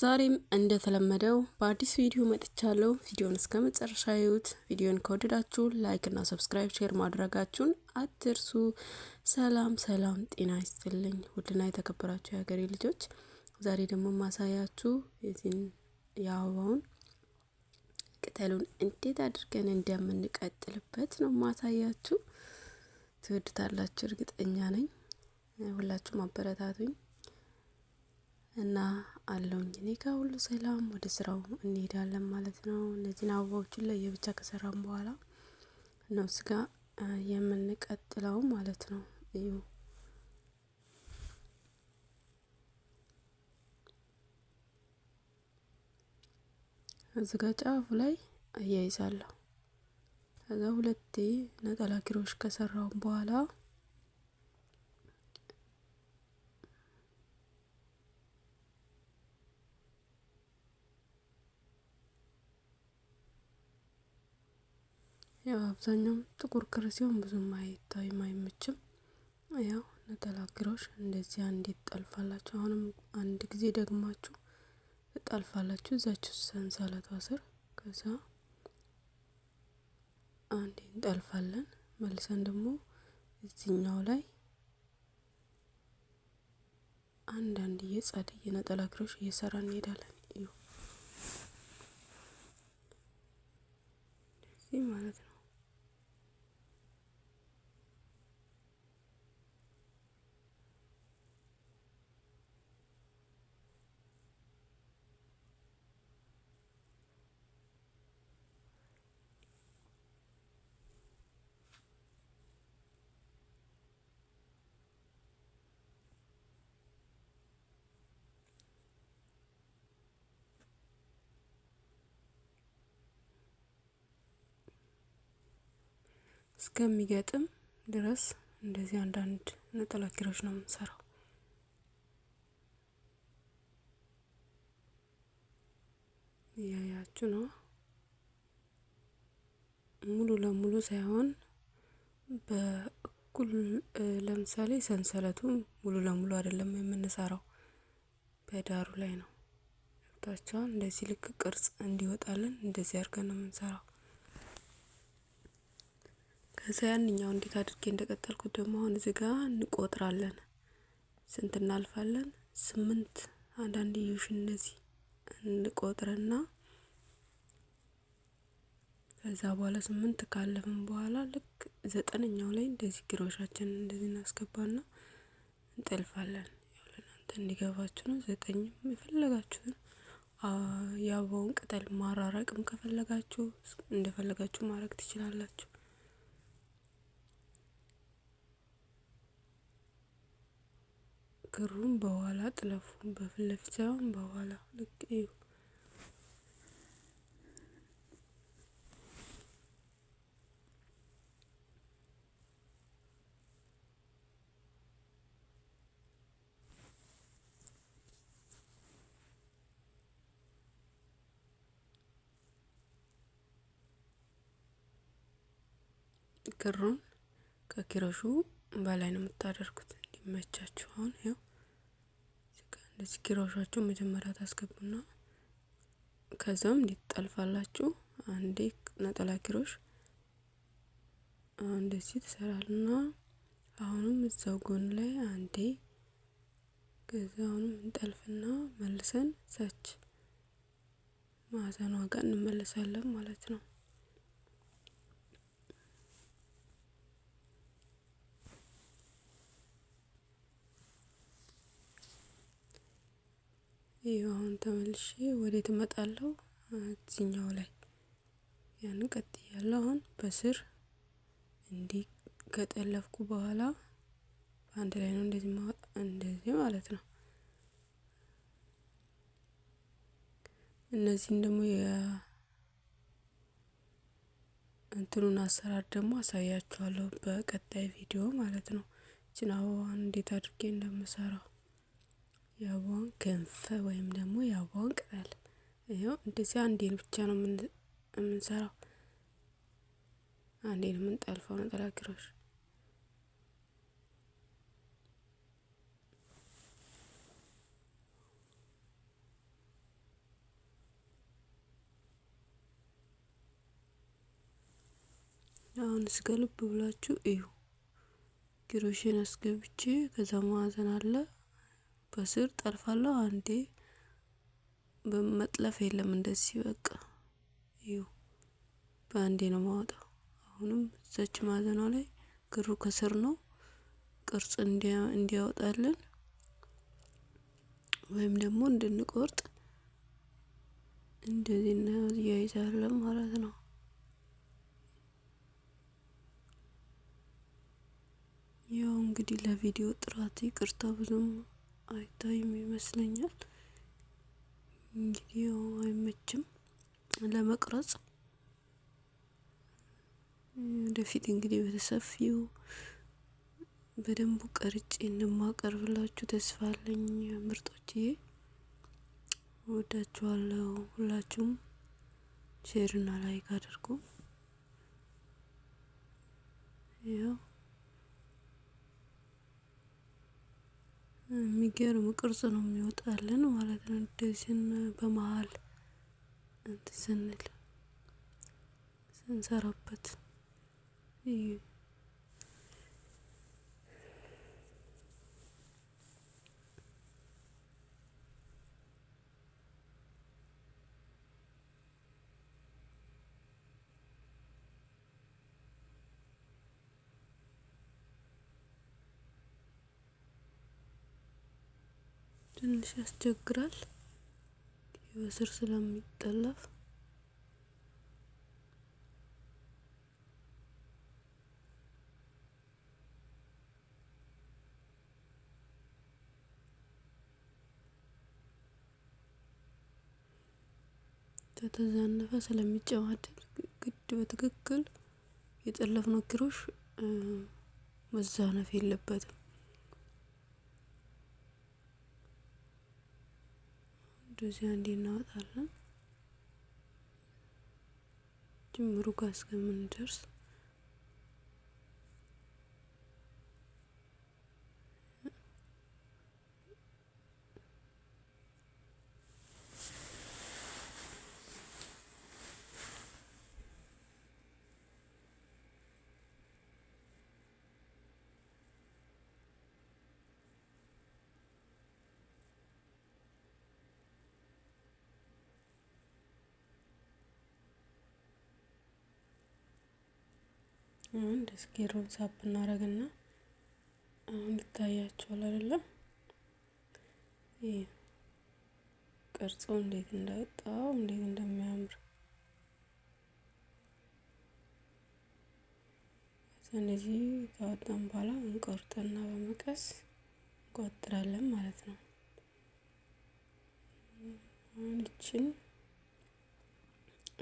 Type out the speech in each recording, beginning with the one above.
ዛሬም እንደተለመደው በአዲስ ቪዲዮ መጥቻለሁ። ቪዲዮን እስከ መጨረሻ ይዩት። ቪዲዮን ከወደዳችሁ ላይክ እና ሰብስክራይብ፣ ሼር ማድረጋችሁን አትርሱ። ሰላም ሰላም፣ ጤና ይስጥልኝ ውድና የተከበራችሁ የሀገሬ ልጆች፣ ዛሬ ደግሞ ማሳያችሁ የዚህን የአበባውን ቅጠሉን እንዴት አድርገን እንደምንቀጥልበት ነው ማሳያችሁ። ትወድታላችሁ እርግጠኛ ነኝ። ሁላችሁም አበረታቱኝ። እና አለውኝ እኔ ጋር ሁሉ ሰላም። ወደ ስራው እንሄዳለን ማለት ነው። እነዚህን አበባዎችን ለየብቻ ከሰራም በኋላ ነው ስጋ የምንቀጥለው ማለት ነው። እዩ እዚህ ጫፉ ላይ አያይዛለሁ። ከዛ ሁለቴ ነጠላ ኪሮሽ ከሰራውን በኋላ ያው አብዛኛውም ጥቁር ክር ሲሆን ብዙም አይታይም አይመችም። ያው ነጠላ ክሮሽ እንደዚህ አንዴ ትጠልፋላችሁ። አሁንም አንድ ጊዜ ደግማችሁ ትጠልፋላችሁ እዛችሁ ሰንሰለቷ ስር። ከዛ አንዴ እንጠልፋለን መልሰን ደግሞ እዚህኛው ላይ አንዳንድ የጻድ የነጠላ ክሮሽ እየሰራ እንሄዳለን። እዩ ማለት ነው። እስከሚገጥም ድረስ እንደዚህ አንዳንድ ነጠላ ኪሮች ነው የምንሰራው። እያያችሁ ነው። ሙሉ ለሙሉ ሳይሆን በእኩል ለምሳሌ ሰንሰለቱ ሙሉ ለሙሉ አይደለም የምንሰራው፣ በዳሩ ላይ ነው። ገብታችኋል? እንደዚህ ልክ ቅርጽ እንዲወጣልን እንደዚህ አድርገን ነው የምንሰራው። ከዛ ያንኛው እንዴት አድርጌ እንደቀጠልኩት ደግሞ አሁን እዚህ ጋር እንቆጥራለን። ስንት እናልፋለን? ስምንት አንዳንድ ዩሽ እነዚህ እንቆጥርና ከዛ በኋላ ስምንት ካለፍን በኋላ ልክ ዘጠነኛው ላይ እንደዚህ ግሮሻችን እንደዚህ እናስገባና እንጠልፋለን። ያው ለእናንተ እንዲገባችሁ ነው። ዘጠኝም የፈለጋችሁትን የአበባውን ቅጠል ማራረቅም ከፈለጋችሁ እንደፈለጋችሁ ማድረግ ትችላላችሁ። ክሩን በኋላ ጥለፉን በፊት ለፊት ሳይሆን በኋላ ልክ እዩ። ክሩን ከኪሮሹ በላይ ነው የምታደርጉት እንዲመቻችሁ። አሁን ያው ትሆናለች። ኪሮሻችሁን መጀመሪያ ታስገቡና ከዛም እንዴት ትጠልፋላችሁ። አንዴ ነጠላ ኪሮሽ እንደዚህ ትሰራልና አሁንም እዛው ጎን ላይ አንዴ ከዛ አሁንም እንጠልፍና መልሰን ሰች ማዕዘኗ ጋር እንመለሳለን ማለት ነው። ይኸው አሁን ተመልሼ ወዴት እመጣለሁ? እዚህኛው ላይ ያን ቀጥያለሁ። አሁን በስር እንዲህ ከጠለፍኩ በኋላ አንድ ላይ ነው እንደዚህ ማወጣ እንደዚህ ማለት ነው። እነዚህን ደግሞ የእንትኑን አሰራር ደግሞ አሳያችኋለሁ በቀጣይ ቪዲዮ ማለት ነው። ችን አበባዋን እንዴት አድርጌ እንደምሰራው የአበባውን ክንፍ ወይም ደግሞ የአበባውን ቅጠል ይኸው እንደዚህ አንዴን ብቻ ነው የምንሰራው። አንዴን የምንጠልፈው ነጠላ ክሮሽ አሁን እስከ ልብ ብላችሁ እዩ። ክሮሼን አስገብቼ ከዛ ማዕዘን አለ በስር ጠልፋለሁ አንዴ በመጥለፍ የለም እንደዚህ በቃ ይኸው በአንዴ ነው ማወጣው። አሁንም እዛች ማዘኗ ላይ ክሩ ከስር ነው ቅርጽ እንዲያወጣልን ወይም ደግሞ እንድንቆርጥ እንደዚህ እናያይዛለን ማለት ነው። ያው እንግዲህ ለቪዲዮ ጥራት ይቅርታ ብዙም አይታይም ይመስለኛል። እንግዲህ አይመችም ለመቅረጽ። ወደፊት እንግዲህ በተሰፊው በደንቡ ቀርጬ እንደማቀርብላችሁ ተስፋ አለኝ። ምርጦችዬ ወዳችኋለሁ። ሁላችሁም ሼርና ላይክ አድርጉ። ያው የሚገርም ቅርጽ ነው የሚወጣልን ማለት ነው። እንደዚህን በመሃል እንትን ስንል ስንሰራበት ትንሽ ያስቸግራል። በስር ስለሚጠለፍ ከተዛነፈ ስለሚጨማደድ ግድ በትክክል የጠለፍነው ኪሮሽ መዛነፍ የለበትም። ወደዚያ አንዴ እናወጣለን ጅምሩ ጋር እስከምንደርስ አሁን ደስጌሮን ሳፕ እናደርግና አሁን ይታያችኋል አይደለም? ይህ ቅርጹ እንዴት እንዳወጣው እንዴት እንደሚያምር እነዚህ ካወጣን በኋላ እንቆርጠና በመቀስ እንቆጥራለን ማለት ነው። ይችን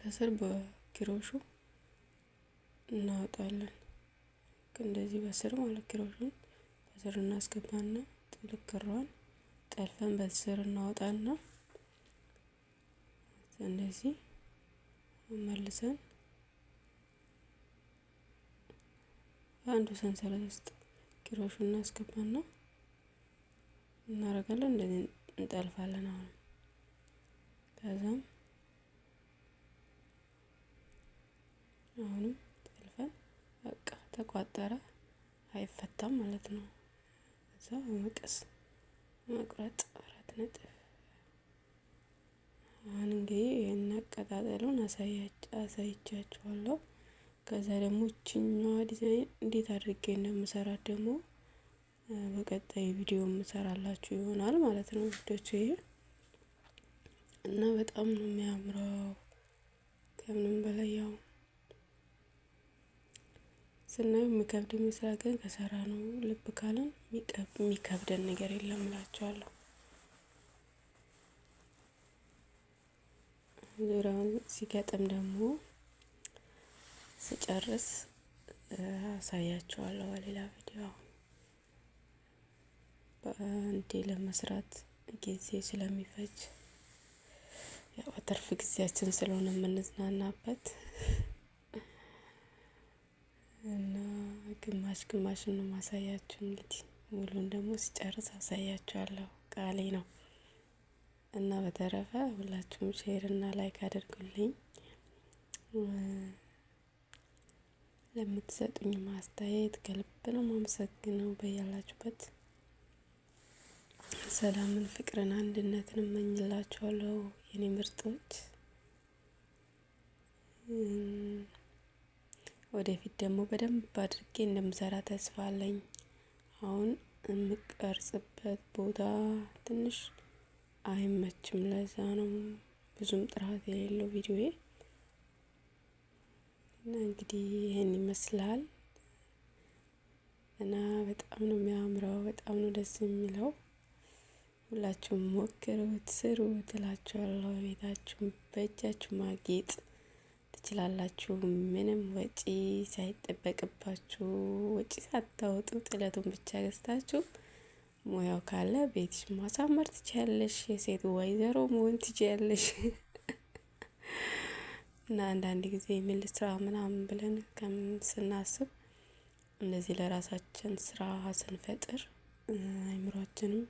ከስር በኪሮሹ እናወጣለን። እንደዚህ በስር ማለት ኪሮሹን በስር እናስገባና ጥልቅሯን ጠልፈን በስር እናወጣና እንደዚህ መልሰን አንዱ ሰንሰለት ውስጥ ኪሮሹን እናስገባና እናደርጋለን። እንደዚህ እንጠልፋለን። አሁን ከዛም አሁንም በቃ ተቋጠረ አይፈታም ማለት ነው። እዛ በመቀስ መቁረጥ አራት ነጥብ። አሁን እንግዲህ ይህን አቀጣጠሉን አሳይቻችኋለሁ። ከዛ ደግሞ እችኛዋ ዲዛይን እንዴት አድርጌ እንደምሰራት ደግሞ በቀጣይ ቪዲዮ የምሰራላችሁ ይሆናል ማለት ነው ውዶች። ይሄ እና በጣም ነው የሚያምረው ከምንም በላይ ያው ስናየው የሚከብድ ይመስላል፣ ግን ከሰራ ነው ልብ ካለን የሚከብደን ነገር የለም እላቸዋለሁ። ዙሪያውን ሲገጥም ደግሞ ስጨርስ አሳያቸዋለሁ በሌላ ቪዲዮ። በአንዴ ለመስራት ጊዜ ስለሚፈጅ ያው ትርፍ ጊዜያችን ስለሆነ የምንዝናናበት እና ግማሽ ግማሽ ነው ማሳያችሁ። እንግዲህ ሙሉን ደግሞ ሲጨርስ አሳያችኋለሁ፣ ቃሌ ነው እና በተረፈ ሁላችሁም ሼር እና ላይክ አድርጉልኝ። ለምትሰጡኝ ማስተያየት ከልብ ነው ማመሰግነው። በያላችሁበት ሰላምን፣ ፍቅርን፣ አንድነትን እመኝላችኋለሁ የኔ ምርጦች። ወደፊት ደግሞ በደንብ አድርጌ እንደምሰራ ተስፋ አለኝ። አሁን የምቀርጽበት ቦታ ትንሽ አይመችም፣ ለዛ ነው ብዙም ጥራት የሌለው ቪዲዮ እና እንግዲህ ይህን ይመስላል እና በጣም ነው የሚያምረው፣ በጣም ነው ደስ የሚለው። ሁላችሁም ሞክሩት፣ ስሩ እላችኋለሁ። ቤታችሁም በእጃችሁ ማጌጥ ትችላላችሁ። ምንም ወጪ ሳይጠበቅባችሁ ወጪ ሳታወጡ ጥለቱን ብቻ ገዝታችሁ ሙያው ካለ ቤትሽ ማሳመር ትችያለሽ። የሴት ወይዘሮ መሆን ትችያለሽ። እና አንዳንድ ጊዜ የሚል ስራ ምናምን ብለን ከምስናስብ ስናስብ እንደዚህ ለራሳችን ስራ ስንፈጥር አይምሯችንም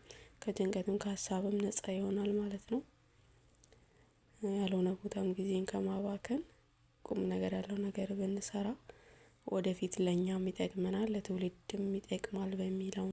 ከጭንቀትም ከሀሳብም ነጻ ይሆናል ማለት ነው። ያልሆነ ቦታም ጊዜን ከማባከን ቁም ነገር ያለው ነገር ብንሰራ ወደፊት ለእኛም ይጠቅመናል፣ ለትውልድም ይጠቅማል በሚለው